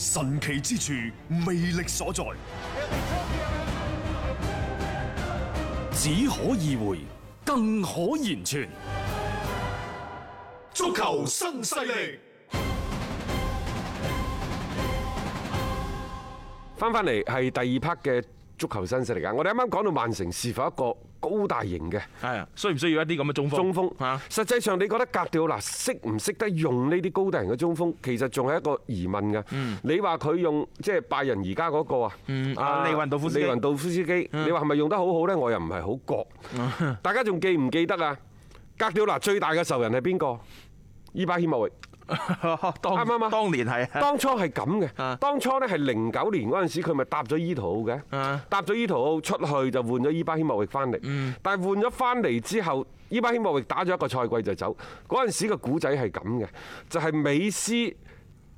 神奇之處，魅力所在，只可意會，更可言傳。足球新勢力，翻返嚟係第二 part 嘅。足球新勢力㗎，我哋啱啱講到曼城是否一個高大型嘅係，需唔需要一啲咁嘅中鋒，中鋒吓？實際上，你覺得格調嗱識唔識得用呢啲高大型嘅中鋒，其實仲係一個疑問㗎。嗯，你話佢用即係拜仁而家嗰個啊？嗯，阿利雲道夫斯利雲道夫斯基，你話係咪用得好好咧？我又唔係好覺。大家仲記唔記得啊？格調嗱最大嘅仇人係邊個？伊巴希莫域。啱啱？ 當,當年係，當初係咁嘅。啊、當初咧係零九年嗰陣時，佢咪搭咗伊圖奧嘅，搭咗、啊、伊圖奧出去就換咗伊巴希莫域翻嚟。嗯、但係換咗翻嚟之後，伊巴希莫域打咗一個賽季就走。嗰陣時個古仔係咁嘅，就係、是、美斯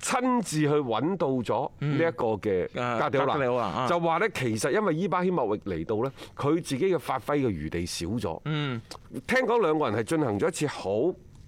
親自去揾到咗呢一個嘅加迪奧拉，啊、奧就話呢，其實因為伊巴希莫域嚟到呢，佢自己嘅發揮嘅餘地少咗。嗯、聽講兩個人係進行咗一次好。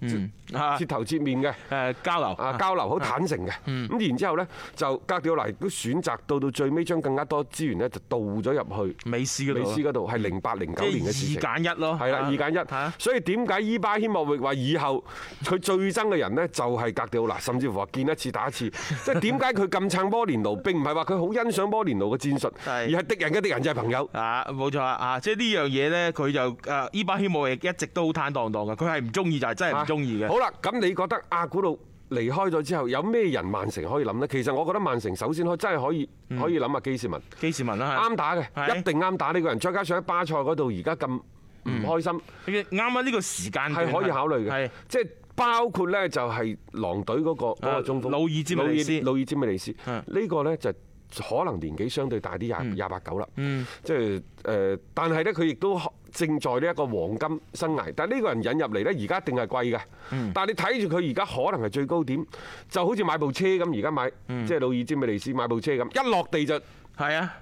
嗯，嚇，接頭接面嘅，誒交流，啊交流，好坦誠嘅，咁然之後呢，就哥迪奧拿都選擇到到最尾，將更加多資源呢就倒咗入去美斯嗰度，美斯嗰度係零八零九年嘅二揀一咯，係啦，二揀一，所以點解伊巴謙莫域話以後佢最憎嘅人呢就係哥迪奧拿，甚至乎話見一次打一次，即係點解佢咁撐摩連奴？並唔係話佢好欣賞摩連奴嘅戰術，而係敵人嘅敵人就係朋友，啊，冇錯啊，即係呢樣嘢呢，佢就誒伊巴謙莫域一直都好坦蕩蕩嘅，佢係唔中意就係真係。中意嘅。好啦，咁你覺得阿古路離開咗之後，有咩人曼城可以諗呢？其實我覺得曼城首先可真係可以可以諗下基士文。基士文啦，啱打嘅，是一定啱打呢個人。再加上喺巴塞嗰度而家咁唔開心，啱啱呢個時間係可以考慮嘅。即是包括呢，就係狼隊嗰個中鋒魯爾詹米雷斯。魯爾茲米雷斯呢個呢，就可能年紀相對大啲，廿廿八九啦。嗯、即、呃、但係呢，佢亦都。正在呢一個黃金生涯，但係呢個人引入嚟呢，而家一定係貴嘅。嗯、但係你睇住佢而家可能係最高點，就好似買部車咁，而家買、嗯、即係老爾詹美尼斯買部車咁，一落地就係啊！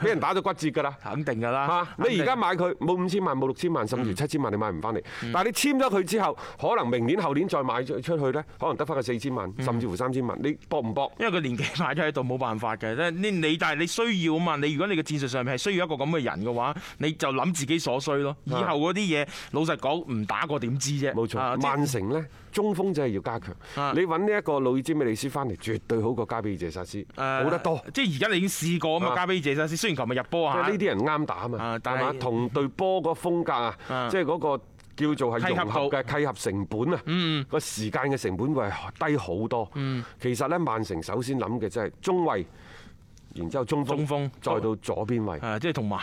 俾人打咗骨折噶啦，肯定噶啦。你而家買佢冇五千萬，冇六千萬，甚至七千萬，你買唔翻嚟。但係你簽咗佢之後，可能明年後年再買出去呢，可能得翻個四千萬，甚至乎三千萬。你搏唔搏？因為佢年紀擺咗喺度，冇辦法嘅。你但係你需要啊嘛。你如果你嘅戰術上面係需要一個咁嘅人嘅話，你就諗自己所需咯。以後嗰啲嘢，老實講，唔打過點知啫。冇錯，曼城呢，中鋒就係要加強。你揾呢一個路易·詹美利斯翻嚟，絕對好過加比謝薩斯，好得多。即係而家你已經試過啊嘛，加比謝。其實雖然琴日入波啊，即係呢啲人啱打啊，係嘛？同對波個風格啊，即係嗰個叫做係融合嘅契合成本啊，個時間嘅成本會係低好多。其實咧，曼城首先諗嘅即係中衞。然之後中中鋒再到左邊位，係即係同曼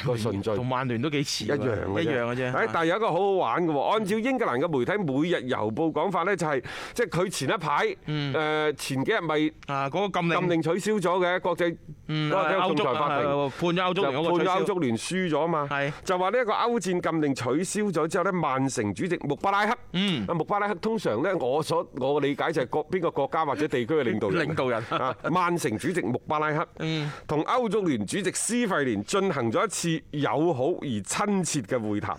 同曼聯都幾似一樣嘅一樣嘅啫。誒，但係有一個好好玩嘅喎，按照英格蘭嘅媒體每日郵報講法咧，就係即係佢前一排誒前幾日咪啊嗰個禁禁令取消咗嘅，國際嗰個仲裁法庭判咗歐足聯嗰個取消判咗歐足聯輸咗啊嘛，就話呢一個歐戰禁令取消咗之後咧，曼城主席穆巴拉克啊穆巴拉克通常咧我所我嘅理解就係國邊個國家或者地區嘅領導人領導人啊曼城主席穆巴拉克。同歐足聯主席施費連進行咗一次友好而親切嘅會談，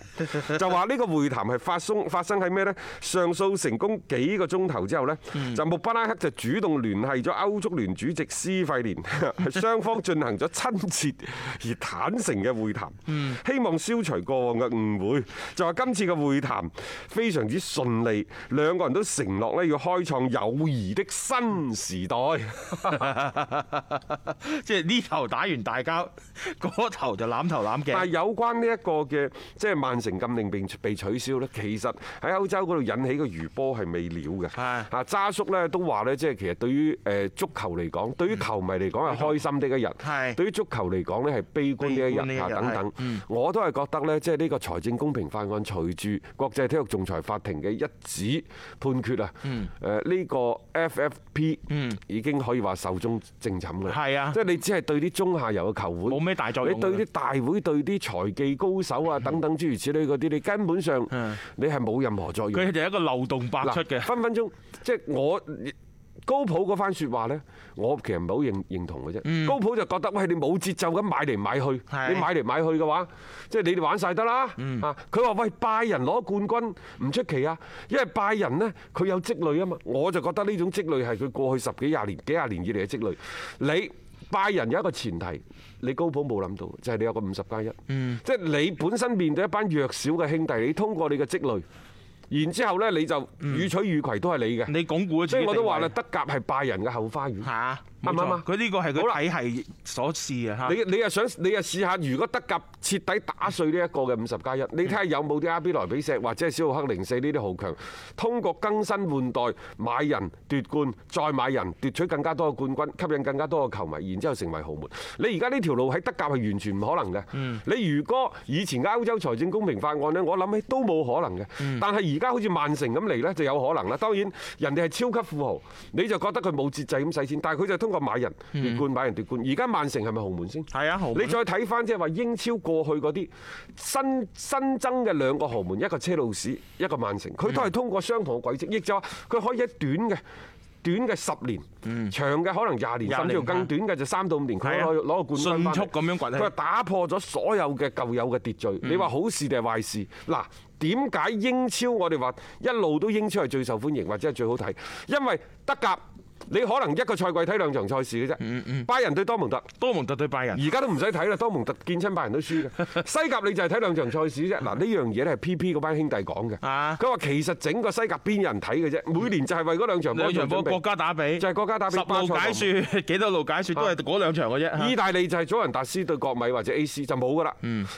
就話呢個會談係發生發生喺咩呢？上訴成功幾個鐘頭之後呢，就穆巴拉克就主動聯繫咗歐足聯主席施費連，係雙方進行咗親切而坦誠嘅會談，希望消除過往嘅誤會。就話今次嘅會談非常之順利，兩個人都承諾呢要開創友誼的新時代，即係。呢頭打完大交，嗰頭就攬頭攬腳。但係有關呢一個嘅即係曼城禁令被被取消咧，其實喺歐洲嗰度引起嘅餘波係未了嘅。係啊，渣叔咧都話咧，即係其實對於誒足球嚟講，對於球迷嚟講係開心啲嘅一日。是啊、對於足球嚟講咧係悲觀啲嘅一日啊等等。是啊、我都係覺得咧，即係呢個財政公平法案隨住國際體育仲裁法庭嘅一紙判決啊，誒呢個 FFP 嗯已經可以話壽終正寢啦。係是啊，即係你只係。對啲中下游嘅球會冇咩大作用。你對啲大會對啲財技高手啊等等諸如此類嗰啲，你根本上你係冇任何作用。佢就係一個漏洞百出嘅分分鐘，即係我高普嗰番説話咧，我其實唔係好認認同嘅啫。高普就覺得喂，你冇節奏咁買嚟買去，你買嚟買去嘅話，即係你哋玩曬得啦啊！佢話喂，拜仁攞冠軍唔出奇啊，因為拜仁呢佢有積累啊嘛。我就覺得呢種積累係佢過去十幾廿年幾廿年以嚟嘅積累，你。拜人有一個前提，你高普冇諗到，就係、是、你有個五十加一，1，嗯、即係你本身面對一班弱小嘅兄弟，你通過你嘅積累。然之後咧，你就予取予攜都係你嘅。你講股一次，我都話啦，德甲係拜仁嘅後花園。嚇，冇錯。佢呢個係佢體系所試嘅嚇。你你又想你又試下，如果德甲徹底打碎呢一個嘅五十加一，你睇下有冇啲 RB 萊比錫或者係小奧克零四呢啲豪強通過更新換代買人奪冠，再買人奪取更加多嘅冠軍，吸引更加多嘅球迷，然之後成為豪門。你而家呢條路喺德甲係完全唔可能嘅。嗯。你如果以前嘅歐洲財政公平法案咧，我諗起都冇可能嘅。嗯。但係。而家好似曼城咁嚟呢，就有可能啦。當然，人哋係超級富豪，你就覺得佢冇節制咁使錢，但係佢就通過買人奪冠，買人奪冠萬是是。而家曼城係咪豪門先？係啊，豪門。你再睇翻即係話英超過去嗰啲新新增嘅兩個豪門，一個車路士，一個曼城，佢都係通過相同嘅軌跡，亦就話佢可以一短嘅、短嘅十年，長嘅可能廿年甚至乎更短嘅就三到五年，佢攞攞個冠軍翻。迅速咁樣滾，佢話打破咗所有嘅舊有嘅秩序。你話好事定係壞事？嗱。點解英超？我哋話一路都英超係最受歡迎，或者係最好睇？因為德甲。你可能一個賽季睇兩場賽事嘅啫，拜仁對多蒙特，多蒙特對拜仁，而家都唔使睇啦，多蒙特見親拜仁都輸嘅。西甲你就係睇兩場賽事啫，嗱，呢樣嘢咧係 PP 嗰班兄弟講嘅，佢話其實整個西甲邊有人睇嘅啫，每年就係為嗰兩場兩場國家打比，就係國家打比，十路解説幾多路解説都係嗰兩場嘅啫。意大利就係祖仁達斯對國米或者 A.C. 就冇㗎啦，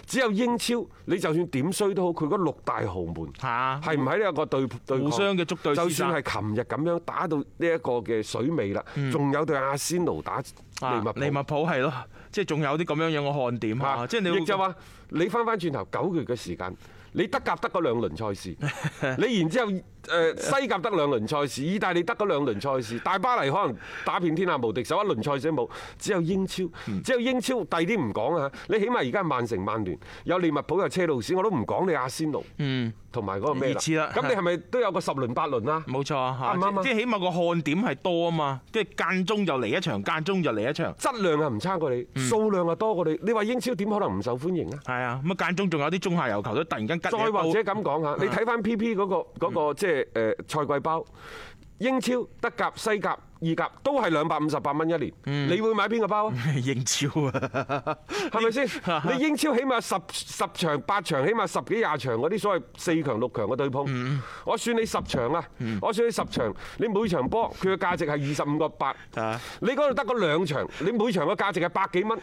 只有英超你就算點衰都好，佢嗰六大豪門係唔係呢一個對對，互相嘅足對就算係琴日咁樣打到呢一個嘅。水尾啦，仲有對阿仙奴打。普啊！利物浦係咯，即係仲有啲咁樣樣嘅看點嚇，即係你亦就話你翻翻轉頭九個月嘅時間，你德甲得嗰兩輪賽事， 你然之後誒西甲得兩輪賽事，意大利得嗰兩輪賽事，大巴黎可能打遍天下無敵手，首一輪賽事冇，只有英超，嗯、只有英超第二啲唔講啊，你起碼而家曼城曼聯、曼聯有利物浦有車路士，我都唔講你阿仙奴，嗯，同埋嗰個咩啦，咁你係咪都有個十輪八輪啊？冇錯嚇吧，即係起碼個看點係多啊嘛，即係間中就嚟一場，間中就嚟。質量又唔差過你，數量又多過你。你話英超點可能唔受歡迎啊？係啊，咁啊間中仲有啲中下游球隊突然間跟。再或者咁講下，你睇翻 PP 嗰個嗰個即係誒賽季包，英超、德甲、西甲。意甲都係兩百五十八蚊一年，嗯、你會買邊個包啊？英超啊，係咪先？ 你英超起碼十十,十場八場，起碼十幾廿場嗰啲所謂四強六強嘅對碰，我算你十場啊！我算你十場，你每場波佢嘅價值係二十五個八，你嗰度得個兩場，你每場嘅價值係百幾蚊，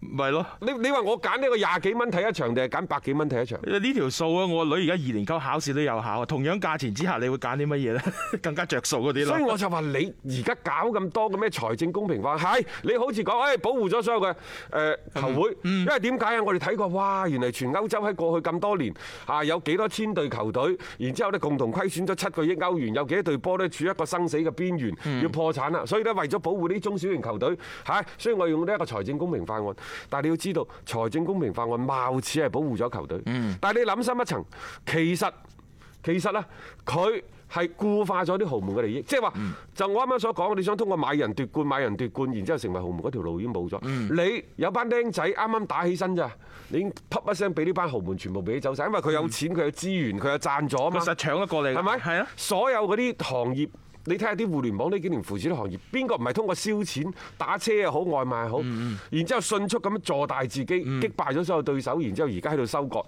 咪咯是？你你話我揀呢個廿幾蚊睇一場定係揀百幾蚊睇一場？呢條數啊！我女而家二年級考試都有考，啊。同樣價錢之下，你會揀啲乜嘢咧？ 更加着數嗰啲啦。所以我就話你而一搞咁多嘅咩財政公平法，係你好似講，誒保護咗所有嘅誒球會，因為點解啊？我哋睇過，哇！原嚟全歐洲喺過去咁多年嚇有幾多千隊球隊，然之後咧共同虧損咗七個億歐元，有幾多隊波咧處一個生死嘅邊緣，要破產啦。所以咧為咗保護呢啲中小型球隊，嚇，所以我用呢一個財政公平法案。但係你要知道，財政公平法案貌似係保護咗球隊，但係你諗深一層，其實其實咧佢。係固化咗啲豪門嘅利益，即係話就我啱啱所講，你想通過買人奪冠、買人奪冠，然之後成為豪門嗰條路已經冇咗、嗯。你有班僆仔啱啱打起身咋，你已經啪一聲俾呢班豪門全部俾你走晒，因為佢有錢，佢、嗯、有資源，佢有贊助，啊嘛。實搶得過嚟，係咪？係啊！所有嗰啲行業，你睇下啲互聯網呢幾年扶持啲行業，邊個唔係通過燒錢打車又好，外賣又好，嗯、然之後迅速咁樣坐大自己，擊、嗯、敗咗所有對手，然之後而家喺度收割。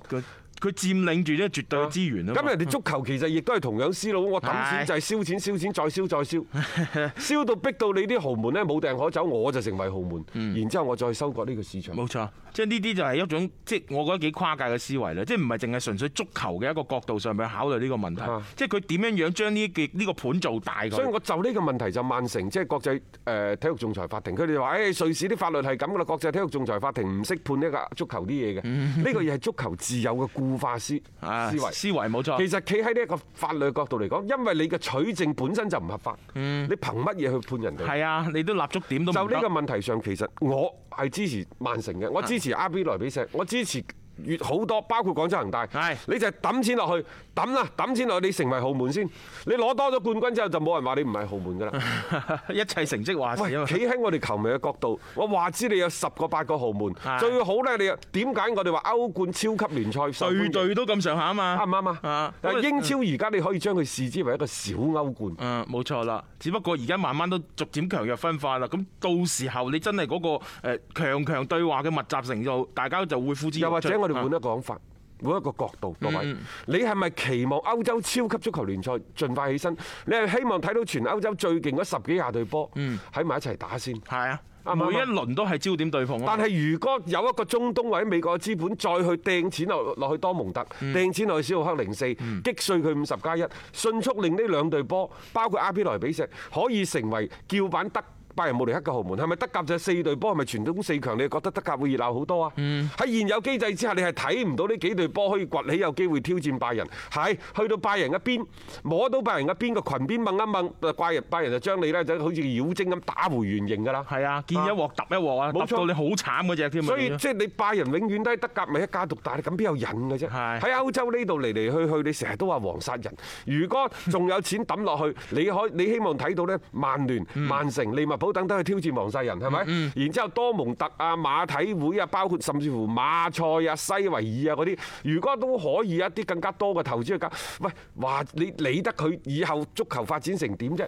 佢佔領住咧，絕對嘅資源咯。咁人哋足球其實亦都係同樣思路，啊、我抌錢就係燒，燒錢，燒錢再燒再燒，再燒，再燒， 燒到逼到你啲豪門咧冇掟可走，我就成為豪門。嗯、然之後我再收割呢個市場。冇錯，即係呢啲就係一種即我覺得幾跨界嘅思維啦。即係唔係淨係純粹足球嘅一個角度上面考慮呢個問題。啊、即係佢點樣樣將呢呢個盤、這個、做大。所以我就呢個問題就曼城即係國際誒、呃、體育仲裁法庭，佢哋話瑞士啲法律係咁噶啦，國際體育仲裁法庭唔識判呢個足球啲嘢嘅。呢、嗯、個嘢係足球自有嘅固化思思維，思維冇錯。其實企喺呢一個法律角度嚟講，因為你嘅取證本身就唔合法，嗯，你憑乜嘢去判人哋？係啊，你都立足點都就呢個問題上，其實我係支持曼城嘅，我支持 RB 萊比錫，我支持。越好多，包括廣州恒大，是的 你就抌錢落去，抌啦，抌錢落去，你成為豪門先。你攞多咗冠軍之後，就冇人話你唔係豪門㗎啦。一切成績話事。喂，企喺我哋球迷嘅角度，我話知你有十個八個豪門，是的 最好咧，你點解我哋話歐冠超級聯賽隊隊都咁上下啊嘛對對？啱唔啱啊？英超而家你可以將佢視之為一個小歐冠。嗯，冇錯啦。只不過而家慢慢都逐漸強弱分化啦。咁到時候你真係嗰個誒強強對話嘅密集程度，大家就會付之我哋換一個講法，換一個角度，各位，你係咪期望歐洲超級足球聯賽盡快起身？你係希望睇到全歐洲最勁嗰十幾廿隊波喺埋一齊打先？係啊，每一輪都係焦點對碰。但係如果有一個中東或者美國資本再去掟錢落落去多蒙特，掟錢落去小奧克零四，擊碎佢五十加一，迅速令呢兩隊波，包括 RB 萊比錫，可以成為叫板德拜仁慕尼黑個豪門係咪德甲就四隊波？係咪傳統四強？你覺得德甲會熱鬧好多啊？喺現有機制之下，你係睇唔到呢幾隊波可以崛起有機會挑戰拜仁。係去到拜仁一邊摸到拜仁一邊個裙邊掹一掹，拜仁拜仁就將你咧就好似妖精咁打回原形㗎啦。係啊，見一鑊揼一鑊啊，冇錯，揼到你好慘嗰隻添。所以即係你拜仁永遠都係德甲咪一家獨大，咁邊有癮嘅啫？喺歐洲呢度嚟嚟去去，你成日都話黃殺人。如果仲有錢抌落去，你可你希望睇到咧，曼聯、曼城，利物。好，等等去挑戰皇室人係咪？是，嗯嗯，然之後多蒙特啊、馬體會啊，包括甚至乎馬賽啊、西維爾啊嗰啲，如果都可以一啲更加多嘅投資去搞，喂，話你理得佢以後足球發展成點啫？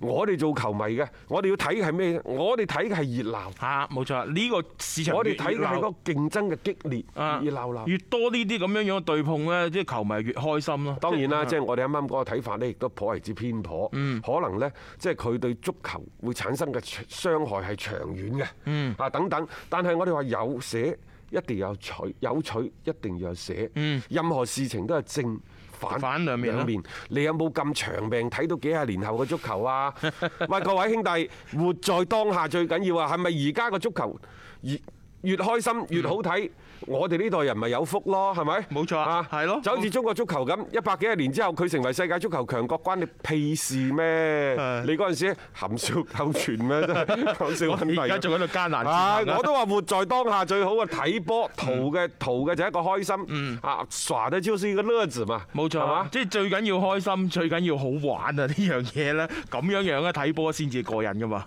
我哋做球迷嘅，我哋要睇係咩？我哋睇嘅係熱鬧嚇，冇錯。呢、呢個市場我哋睇嘅係個競爭嘅激烈啊，熱鬧鬧越多呢啲咁樣樣對碰呢，即係球迷越開心咯。是當然啦，即係是 我哋啱啱嗰個睇法呢，亦都頗為之偏頗。嗯、可能呢，即係佢對足球會產生嘅傷害係長遠嘅，啊，等等。但係我哋話有捨一定有取，有取一定要有捨。任何事情都係正反兩面。你有冇咁長命睇到幾廿年後嘅足球啊？喂，各位兄弟，活在當下最緊要啊！係咪而家個足球越越開心越好睇？嗯我哋呢代人咪有福咯，係咪？冇錯啊，係咯。就好似中國足球咁，一百幾十年之後佢成為世界足球強國，關你屁事咩？是的 你嗰陣時含笑苟存咩？搞笑兄，而家仲喺度艱難。我都話活在當下最好嘅睇波圖嘅圖嘅就一個開心。嗯。啊，耍得就 l 一個樂子嘛。冇錯啊，吧即係最緊要開心，最緊要好玩啊！呢樣嘢咧，咁樣樣嘅睇波先至過癮噶嘛。